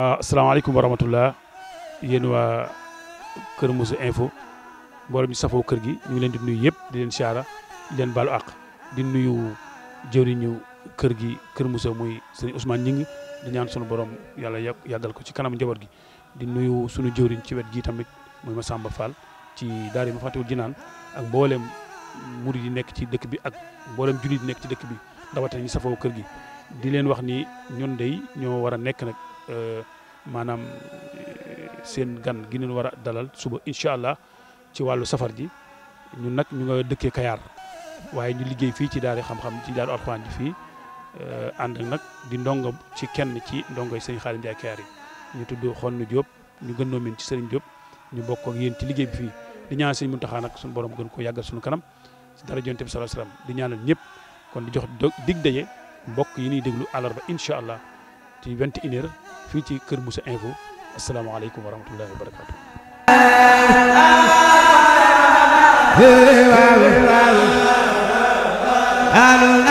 waaw ah, asalaamaaleykum wa rahmatullah yéen waa Kër Moussa Info mboolem ñu safoo kër gi ñu ngi leen di nuyu yëpp di leen siyaara di leen baalu àq di nuyu jëwriñu kër gi Kër Moussa muy sëñ Ousmane Gningue di ñaan sunu borom yàlla yàggal ko ci kanam njaboot gi di nuyu sunu jëwriñ ci wet gi tamit muy Massamba Fall ci daara ma fàttewul jinaan ak mbooleem murid yi nekk ci dëkk bi ak mboolem jullit yi nekk ci dëkk bi rawatina ñu safoo kër gi di leen wax ni ñun day ñoo war a nekk nag Euh, maanaam euh, seen gan gi leen war a dalal suba incha allah ci wàllu safar ji ñun nag ñu nga dëkkee Kayaar waaye ñu liggéey fii ci daari xam-xam ci daaru alxuraan ji fii euh, ànd nag di ndongo ci kenn ci ndongo yi sëñ Xaadim Njaay Kayaar yi ñu tudd Xonn Diop ñu gën noo min ci sëriñ Diop ñu bokk ak ci liggéey bi fii di ñaan sëñ Muntaxa nag suñu borom gën ko yàggal suñu kanam si dara jonte bi sallallahu alayhi wasallam di ñaanal ñëpp kon di jox dig daje mbokk yi ñuy déglu àllarba incha allah ci 21 heures fii ci Kër Moussa Info asalaamaaleykum wa rahmatullahi wa barakaatu.